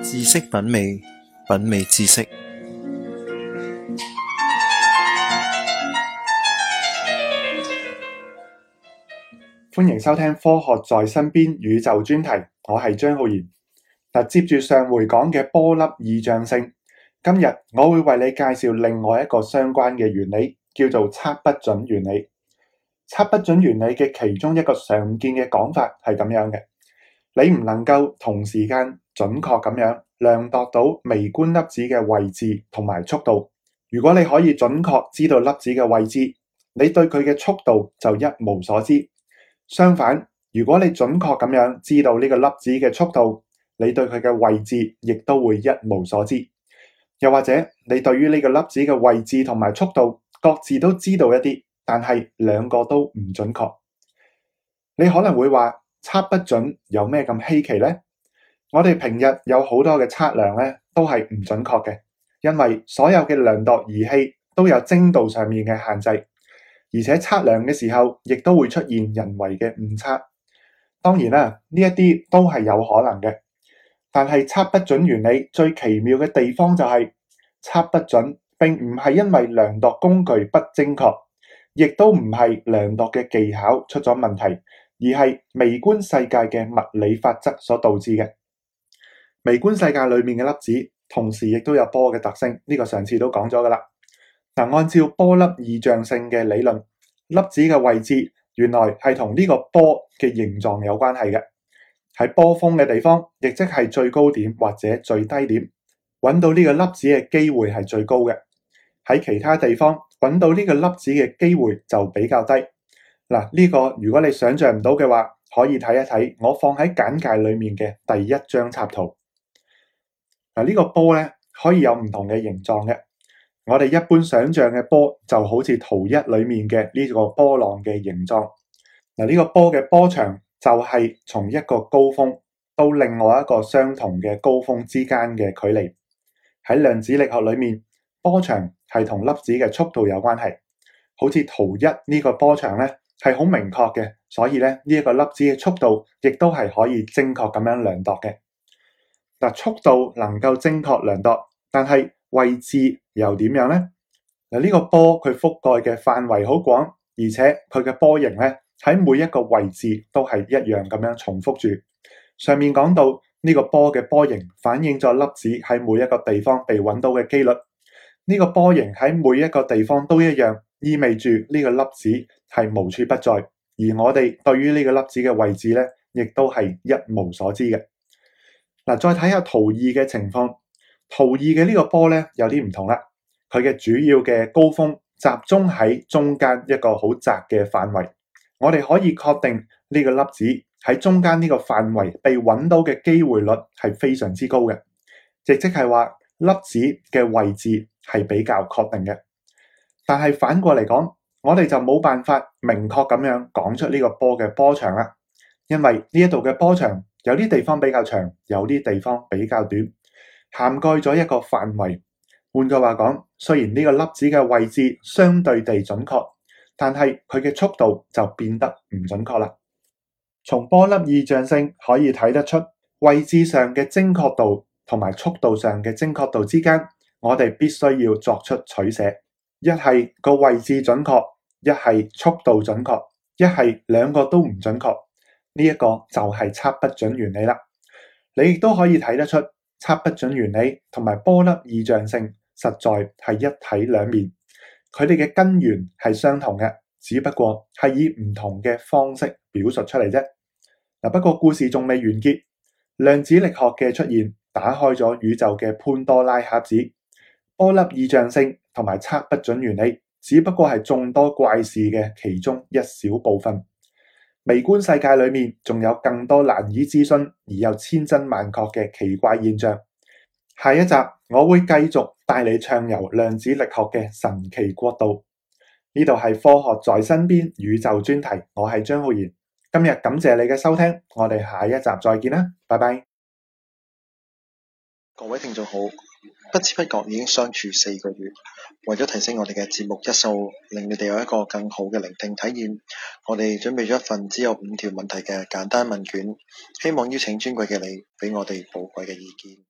知識品味，品味知識。歡迎收聽《科學在身邊·宇宙》專題，我係張浩然。嗱，接住上回講嘅波粒二象性，今日我會為你介紹另外一個相關嘅原理，叫做測不準原理。測不準原理嘅其中一個常見嘅講法係咁樣嘅。你唔能夠同時間準確咁樣量度到微觀粒子嘅位置同埋速度。如果你可以準確知道粒子嘅位置，你對佢嘅速度就一無所知。相反，如果你準確咁樣知道呢個粒子嘅速度，你對佢嘅位置亦都會一無所知。又或者，你對於呢個粒子嘅位置同埋速度各自都知道一啲，但係兩個都唔準確。你可能會話：測不準有咩咁稀奇呢？我哋平日有好多嘅測量咧，都係唔準確嘅，因為所有嘅量度儀器都有精度上面嘅限制，而且測量嘅時候亦都會出現人為嘅誤測。當然啦，呢一啲都係有可能嘅，但係測不準原理最奇妙嘅地方就係：測不準並唔係因為量度工具不精確，亦都唔係量度嘅技巧出咗問題。而係微觀世界嘅物理法則所導致嘅。微觀世界裏面嘅粒子同時亦都有波嘅特性，呢個上次都講咗噶啦。嗱，按照波粒二象性嘅理論，粒子嘅位置原來係同呢個波嘅形狀有關係嘅。喺波峰嘅地方，亦即係最高點或者最低點，揾到呢個粒子嘅機會係最高嘅。喺其他地方揾到呢個粒子嘅機會就比較低。嗱，呢個如果你想象唔到嘅話，可以睇一睇我放喺簡介裏面嘅第一張插圖。嗱，呢個波咧可以有唔同嘅形狀嘅。我哋一般想象嘅波就好似圖一裏面嘅呢個波浪嘅形狀。嗱，呢個波嘅波長就係從一個高峰到另外一個相同嘅高峰之間嘅距離。喺量子力學裏面，波長係同粒子嘅速度有關係。好似圖一呢個波長咧，係好明確嘅，所以咧呢一個粒子嘅速度，亦都係可以精確咁樣量度嘅。嗱，速度能夠精確量度，但係位置又點樣呢？嗱，呢個波佢覆蓋嘅範圍好廣，而且佢嘅波形咧喺每一個位置都係一樣咁樣重複住。上面講到呢個波嘅波形，反映咗粒子喺每一個地方被揾到嘅幾率。呢個波形喺每一個地方都一樣，意味住呢個粒子係無處不在，而我哋對於呢個粒子嘅位置呢，亦都係一無所知嘅。嗱，再睇下圖二嘅情況。圖二嘅呢個波呢，有啲唔同啦，佢嘅主要嘅高峰集中喺中間一個好窄嘅範圍。我哋可以確定呢個粒子喺中間呢個範圍被揾到嘅機會率係非常之高嘅，亦即係話粒子嘅位置係比較確定嘅。但係反過嚟講，我哋就冇辦法明確咁樣講出呢個波嘅波長啦，因為呢一度嘅波長有啲地方比較長，有啲地方比較短，涵蓋咗一個範圍。換句話講，雖然呢個粒子嘅位置相對地準確，但係佢嘅速度就變得唔準確啦。從波粒二象性可以睇得出，位置上嘅精確度同埋速度上嘅精確度之間，我哋必須要作出取捨。一係個位置準確，一係速度準確，一係兩個都唔準確，呢一個就係測不準原理啦。你亦都可以睇得出，測不準原理同埋波粒二象性，實在係一體兩面，佢哋嘅根源係相同嘅，只不過係以唔同嘅方式表述出嚟啫。嗱，不過故事仲未完結，量子力學嘅出現打開咗宇宙嘅潘多拉盒子。波粒二象性同埋測不準原理，只不過係眾多怪事嘅其中一小部分。微觀世界裏面仲有更多難以置信而又千真萬確嘅奇怪現象。下一集我會繼續帶你暢遊量子力學嘅神奇國度。呢度係科學在身邊宇宙專題，我係張浩然。今日感謝你嘅收聽，我哋下一集再見啦，拜拜。各位聽眾好。不知不覺已經相處四個月，為咗提升我哋嘅節目質素，令你哋有一個更好嘅聆聽體驗，我哋準備咗一份只有五條問題嘅簡單問卷，希望邀請尊貴嘅你俾我哋寶貴嘅意見。